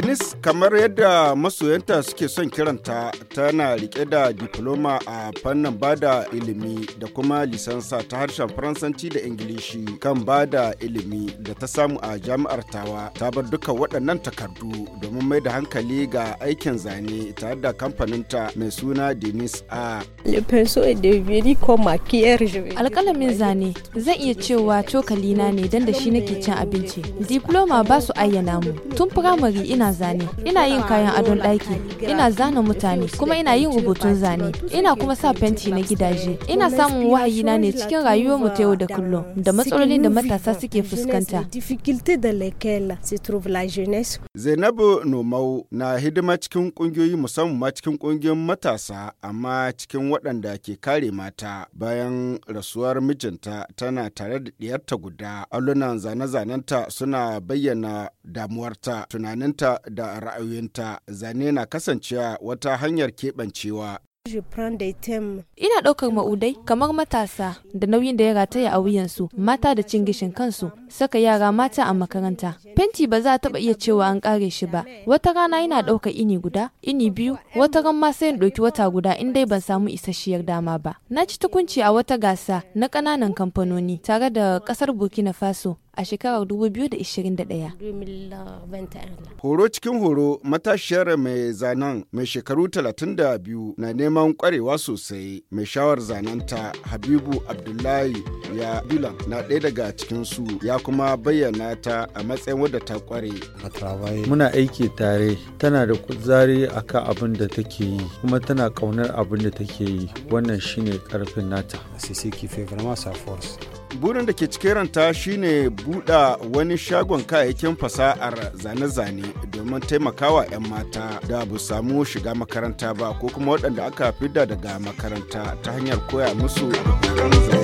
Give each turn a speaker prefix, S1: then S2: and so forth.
S1: denis kamar yadda masoyanta suke son kiranta tana rike da diploma a fannin bada ilimi da kuma lisansa ta harshen faransanci da ingilishi kan bada ilimi da ta samu a jami'ar tawa ta bar duka waɗannan takardu domin mai da hankali ga aikin zane tare da kamfaninta mai suna denis a
S2: alƙalamin zane zan iya cewa cokali na ne don da shi nake cin abinci diploma ba su ayyana mu tun firamare ina ina zane, ina yin kayan adon ɗaki, ina zana mutane, kuma ina yin rubutun zane, ina kuma sa fenti na gidaje, ina samun wahayina ne cikin rayuwar mu ta yau da kullum da matsalolin da matasa suke fuskanta.
S1: Zainabu Nomau na hidima cikin kungiyoyi musamman ma cikin kungiyoyin matasa amma cikin waɗanda ke kare mata bayan rasuwar mijinta tana tare da ɗiyarta guda. Allunan zane-zanenta suna bayyana damuwarta tunaninta ta da ra'ayoyinta zane na kasancewa wata hanyar keɓancewa.
S2: Ina ɗaukar ma'udai kamar matasa da nauyin da ya rataya a wuyansu, mata da cin gishin kansu, saka yara mata a makaranta, Fenti ba za a taɓa iya cewa an kare shi ba. Wata rana yana ɗauka ini guda, ini biyu, wata ran ma sai in ɗauki wata guda in dai ban samu isasshiyar dama ba. Na ci tukunci a wata gasa na ƙananan kamfanoni tare da ƙasar Burkina Faso a shekarar 2021.
S1: Horo cikin horo matashiyar mai zanen mai shekaru 32 na neman kwarewa sosai mai shawar zanenta Habibu Abdullahi ya dulan na ɗaya daga cikin su ya kuma bayyana ta a matsayin wadda ta kware. Muna aiki tare tana da kuzari kan abin da take yi kuma tana kaunar abin da take yi wannan shine karfin nata. burin da ke cikin ranta shine buɗa wani shagon kayayyakin fasa'ar zane-zane domin taimakawa 'yan mata da bu samu shiga makaranta ba ko kuma waɗanda aka fidda daga makaranta ta hanyar koya musu zane